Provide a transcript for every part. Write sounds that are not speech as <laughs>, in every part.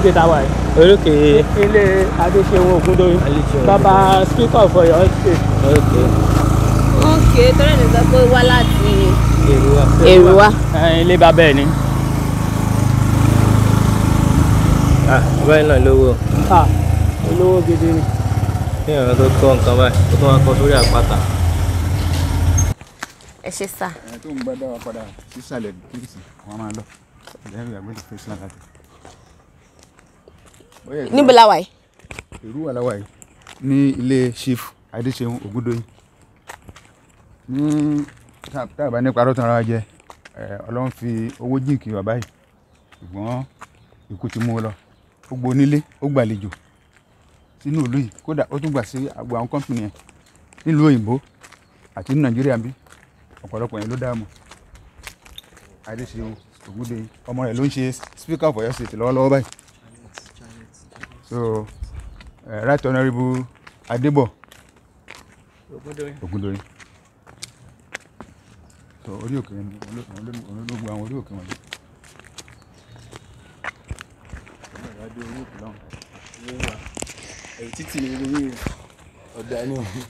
níbi táwa yìí. orókè. ilé adéṣeun ògúndóyè. adéṣeun bàbá speaker for your state. ok. ok tọ́lẹ̀ ní sọ pé wá láti. èrúwà. èrúwà. ilé bàbá ẹ̀ ni. báyìí náà lówó. olówó gidi ni. kí èèyàn tó kọ́ nǹkan báyìí tó tó máa kọ́ sórí àpáta ẹ ṣe sá. ẹ tó ń gbọ́dọ̀ padà sísàlẹ̀ bíríkì wọn máa lọ lẹ́rù níbo la wà yìí. ìlú wà láwà yìí ní ilé chief adéṣeun ògúndóyìn ní táàbà nípa rọ́tàn ara jẹ ọlọ́run fi owó jíǹkì bàbá yìí ṣùgbọ́n ikú ti mú un lọ ó gbó onílé ó gbàlejò sínú ìlú yìí kódà ó tún gbà sí àgbo àwọn kọ́mpìnì yẹn nílùú òyìnbó àti ní nàìjíríà bí ọ̀pọ̀lọpọ̀ yẹn ló dáàmú adéṣeun ògúndóyìn ọmọ rẹ̀ ló ń ṣe speaker for your state lọ́wọ́lọ́wọ́ báyìí so uh, right honourable adebo ogundoyin so orí òkè ni ológun àwọn orí òkè wọn lé.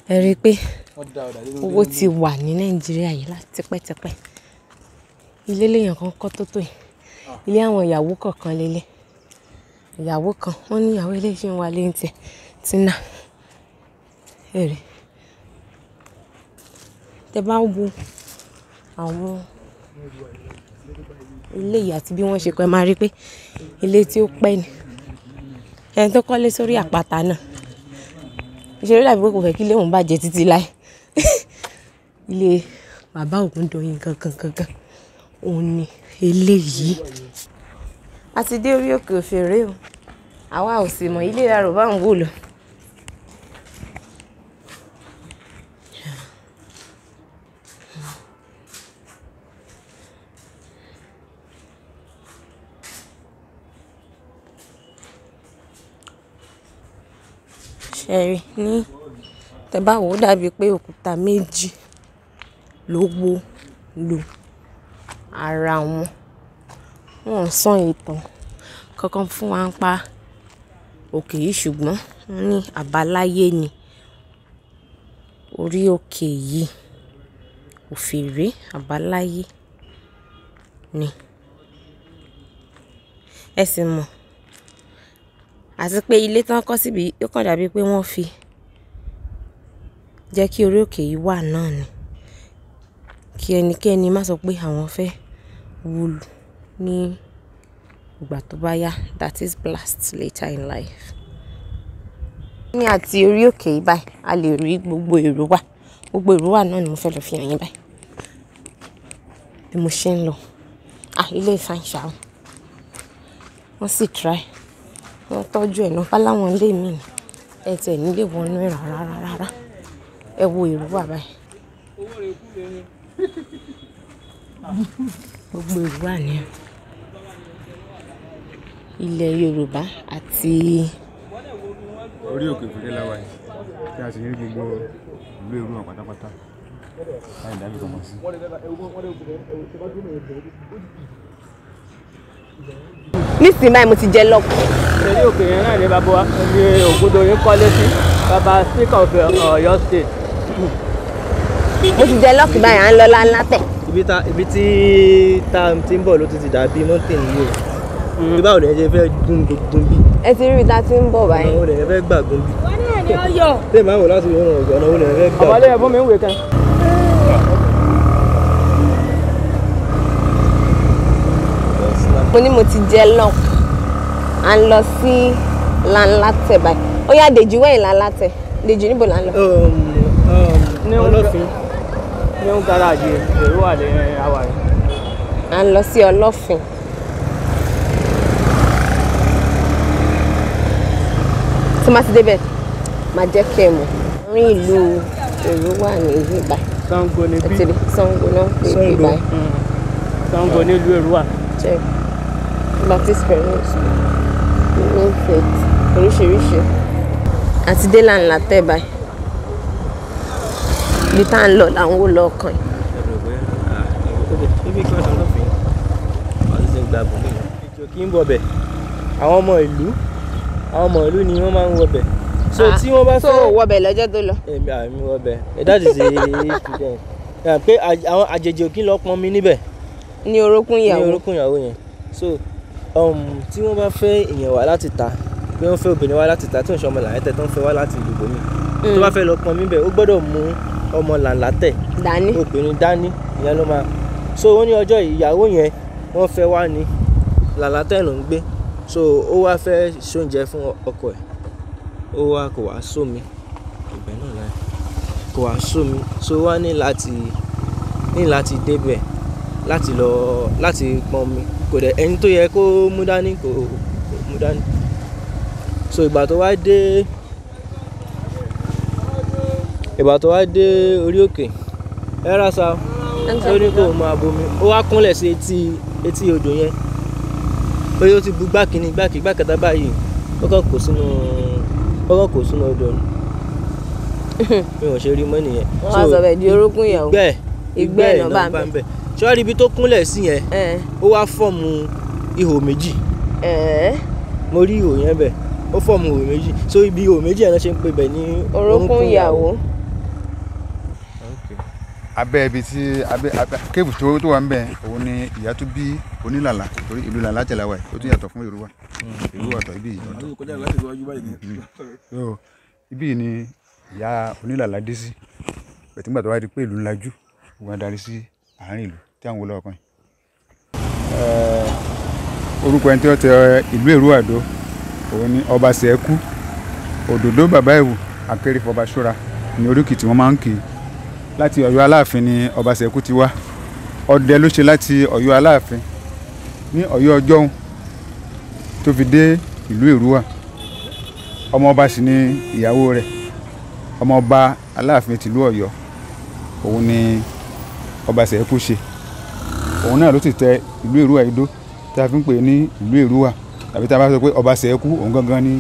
ẹ rí i pé owó ti wà ní nàìjíríà yìí láti tipẹ́tipẹ́ ilé lèèyàn kan kọ́ tó tó yìí ah. ilé àwọn ìyàwó kọ̀ọ̀kan lélẹ̀ ìyàwó kan wọ́n ní ìyàwó ilé ṣì ń wá lé tiẹ̀ Tina èrè tẹ bá ń wo àwọn ilé yìí àti bí wọ́n ṣe kọ́ ẹ máa rí pé ilé tí ó pẹ́ ni ẹni tó kọ́lé sórí àpáta náà ìṣeré dàbí pé kò fẹ́ kí ilé òun bàjẹ́ títí láì <laughs> ilé bàbá Ògúndòyìn kankan kankan òun ni eléyìí a ti dé orí òkè òfèrè o àwa ò sì mọ̀ ilé ìrarò bá ń wò lọ. ṣẹ̀rí ní tẹ́báwò ó dàbí pé òkúta méjì ló wó lu ara wọn wọ́n ń sọ ìtàn kankan fún wa ń pa òkè yìí ṣùgbọ́n wọ́n ní àbáláyé ni orí òkè yìí òfèrè àbáláyé ni ẹ sì mọ̀ àti pé ilé tí wọ́n kọ́ síbi ó kàn dàbí pé wọ́n fi jẹ́ kí orí òkè yìí wà náà ni kí ẹnikẹ́ni má sọ pé àwọn fẹ́ wúlù ní ìgbà tó bá yá that is blast later in life. ní àti orí òkè yìí báyìí a lè rí gbogbo èrò wà gbogbo èrò wà náà ni mo fẹ́ lọ fi hàn yín báyìí bí mo ṣe ń lọ à ilé ìfàǹṣà o wọ́n sì try wọ́n tọ́jú ẹ̀ náà bá láwọn ilé mi ẹ tẹ̀ nílé wọnú ẹ̀ rárá rárá ẹ wo èrò wà báyìí. owó rẹ̀ gbogbo èrò wà ní ilẹ̀ Yorùbá àti. orí òkè òkèrè la wà yìí kí a sì rí gbogbo ìlú èrú náà pátápátá láì dábì kan mọ́ sí. nísìnyí báyìí mo ti jẹ lọ́ọ̀kù. orí òkè yẹn náà ni bàbá wa ní Ògúndòyìn kọ́lé sí bàbá speaker of uh, Ọ̀yọ́ state mo ti jẹ lọ́ọ̀kì báyìí à ń lọ láńlá tẹ̀. ibi tí tá a ti ń bọ̀ ló ti ti dàbí mountain yìí o báwo lẹ ṣe fẹ́ gún gún bí. ẹ ti rí ibi tá a ti ń bọ̀ báyìí. ọ̀nà wo lẹ fẹ́ gbà gún bí. wọ́n náà ni ọyọ. ṣé màá láti rí ọ̀nà ọ̀nà fẹ́ gbà. ọ̀bọ̀lẹ̀ ẹ̀bùn mi ń wé kan. mo ní mo ti jẹ lọ́n à ń lọ sí lanlatẹ báyìí ó yá dèjì wẹ̀yìn lanlatẹ dèjì níbo là ń lọ. Um, um, ọlọ́fin ní ó ń garaaji èrò wà lẹ́yìn à ń lọ sí ọlọ́fin. tí má ti débẹ̀ má jẹ́ kẹ́ ẹ mọ̀ rí ìlú èrò wà ní ìgbà mm. Ṣàngó ní bí Ṣàngó náà pé ìgbà Ṣàngó nílùú èrò wà. Baptist parents ní faith oríṣiríṣi àti délà ńlá tẹ́ báyìí ibi tá à ń lọ là ń wò lọ́ọ̀kan yìí. kí n bọ̀ bẹ̀ àwọn ọmọ ìlú àwọn ọmọ ìlú ni wọ́n máa ń wọbẹ̀ so ah, tí wọ́n bá fẹ́. so wọbẹ̀ lọ́jọ́ tó lọ. èmi àmì wọbẹ̀ eh, that is a student pé àwọn àjèjì òkín lọ pọn mi níbẹ̀. ní orókún ìyàwó ní orókún ìyàwó yẹn so um, tí wọ́n bá fẹ́ èèyàn wá láti ta pé wọ́n fẹ́ obìnrin wá láti ta tí òun ṣe ọmọ làǹtẹ̀ tó ń fẹ́ wá láti ìlú bòmí tó bá mm. fẹ́ lọ pọn mi bẹ̀ ó gbọ́dọ̀ mú ọmọ làǹlàtẹ̀ dání obìnrin dání ìyẹn ló máa so ó ní ọjọ́ ìyàwó yẹn wọ́n fẹ́ wá ní làǹlàtẹ̀ ló ń gbé so ó wá fẹ́ ṣoúnjẹ fún ọkọ ẹ̀ ó wá kò wá sómi ìgbẹ́ náà láì kò wá sómi so wá ní láti ní láti débẹ̀ láti lọ láti pọn omi kò dẹ̀ ẹni tó yẹ kó mú dání kò mú dání so ìgbà tó wá dé ìgbà tó wá dé orí òkè ẹ rà sá ó ní kó máa bomi ó wá kúnlẹ̀ sí etí etí odò yẹn bóyá ó ti bu gbá kínní gbá kìí gbá kẹta báyìí kọ́kọ́ kò sínú kọ́kọ́ kò sínú ọdọ̀ nù mi ò ṣe rí mọ́ nìyẹn. wọ́n á sọ bẹ́ẹ̀ di orókún yẹn o ìgbẹ́ ìgbẹ́ náà bá ń bẹ̀. sọ́ọ́rí ibi tó kúnlẹ̀ sí yẹn ó wá fọ́ọ̀mù ihò méjì mo rí ihò yẹn bẹ̀ ó fọ́ọ̀mù ihò méjì so ibi ihò méjì yẹn ló ṣe ń pè bẹ̀ ní orókún ìyàwó abẹ́ ibi tí abẹ́ kéèbù tó tó wà ń bẹ̀ òun ni ìyá tó bí onílàlà torí ìlú làlá tẹ̀lé wa ó tún yàtọ̀ fún ìrúwà ìrúwà tọ̀ ibi yìí ọ̀tọ̀ mm-hmm. ibi yìí ni ìyá onílàlà dé sí bẹ̀tí nígbà tó wá di pé ìlú ńlájú wọn darí sí àárín ìlú tí àwọn olówó kan yìí. Eh, orúkọ ẹni tí wọ́n tẹ ìlú Èrúwàdó òun ni ọba sẹ́ẹ̀kú òdòdó bàbá ìwù akérèfọ́ba ṣọ́ra ni oríkì láti Ọ̀yọ́ Aláàfin ni ọba Ṣẹ̀kú ti wá ọdẹ ló ṣe láti Ọ̀yọ́ Aláàfin ní Ọ̀yọ́ ọjọ́un tó fi dé ìlú Èrúwà ọmọ sì ni ìyàwó rẹ̀ ọmọ ọba Aláàfin tìlú Ọ̀yọ́ òun ni ọba Ṣẹ̀kú ṣe òun náà ló ti tẹ ìlú Èrúwà yìí dó tí a fi ń pè ní ìlú Èrúwà tàbí tá a bá sọ pé ọba Ṣẹ̀kú òun gangan ni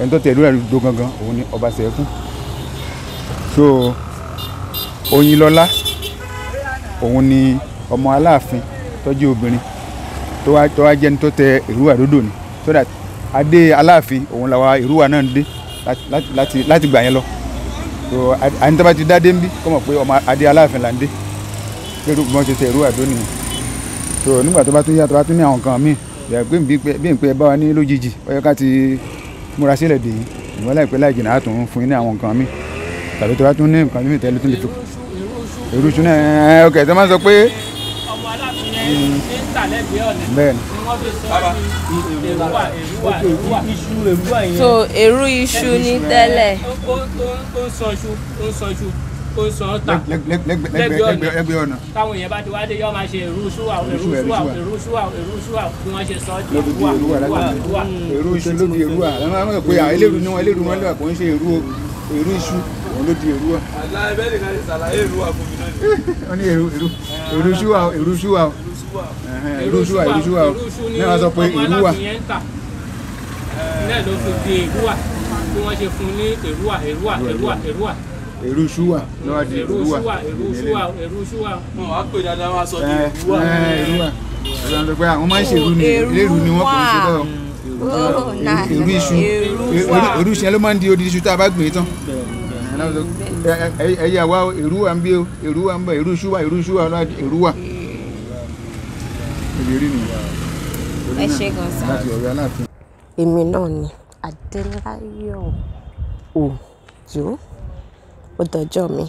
ẹni tó tẹ ìlú Èrúwà yìí dó gangan òun ni ọba so Oyinlọ́lá òun ni ọmọ aláàfin tó obìnrin tó wá tó wá jẹ́ni tó tẹ ìrúwà dódò ni so that adé aláàfin òun làwa ìrúwà náà ń dé láti láti gbà yẹn lọ so àyìn tó bá ti dá dé ń bí kọ́ mọ̀ pé ọmọ adé aláàfin là ń dé pé bí wọ́n ṣe tẹ ìrúwà dódò nìyẹn so nígbà tó bá tún yá tó bá tún ní àwọn nǹkan míì yà pé bí n pé ẹ bá wa ní lójijì ó yẹ ká ti múra sílẹ̀ dè yìí ìwọ́n láìpẹ́ láì jìnnà á tún fún yín ní àwọn nǹkan míì tàbí tó bá tún ní nǹkan míì tẹ́lẹ̀ tún lè tó èrúṣu náà ẹ ọkẹ tó máa sọ pé. ọmọ aláàfin yẹn ní mm. tàlẹ́gbẹ̀ẹ́ ọ̀nà bẹ́ẹ̀ni ni wọ́n fi sọ ní èrúwà èrúwà èrúwà iṣu èrúwà yẹn. so èrú iṣu ní tẹ́lẹ̀. ó ń sọ iṣu ó ń sọ iṣu ó ń sọ ta lẹ́gbẹ̀ẹ́ ọ̀nà táwọn èèyàn bá ti wá dé yọ máa ṣe èrú ṣúwà èrú ṣúwà èrú ṣúwà èrú ṣúwà bí wọ́n ṣe sọ ọ́ di èrúwà èrú ṣúwà èrú ṣúwà lọ́nà wọn pé ah, eléru ni wọn eléru wọn lọ́wọ́ kò ń ṣe èrú iṣu òun ló di èrú wa. àlá ẹgbẹ́ nìkan ti ṣàlàyé èrú wa fún mi náà ni. wọ́n eh, ní èrú èrú èrú ṣúwà èrú ṣúwà èrú ṣúwà èrú ṣúwà náà wọ́n sọ pé èrú wa. náà ló fi di èrú wa bí wọ́n ṣe fún ní èrú wa èrú wa èrú wa èrú wa èrú ṣúwà lọ́wọ́ di èrú wa èrú ṣúwà èrú ṣúwà wọn wá pè dáadáa wá sọ di eh, èrú wa eh, èrú wa ìlànà tó pé àwọn máa ń ṣèrú ni lérú ni wọn kò ṣe bẹ́ẹ̀ o oh, èrú iṣu èrú iṣu yẹn ló máa ń di odi iṣu tá a bá gbìn tán ẹyẹ wa èrú wa ń bí o èrú wa ń bọ èrú ṣúwà èrú ṣúwà ọlọ́dẹ èrú wa. ìrírí nìyà ẹ ṣe gan sa láti ọ̀rẹ́ aláàfin. èmi náà ni adéláyọ̀ òjò ó dọjọ́ mi.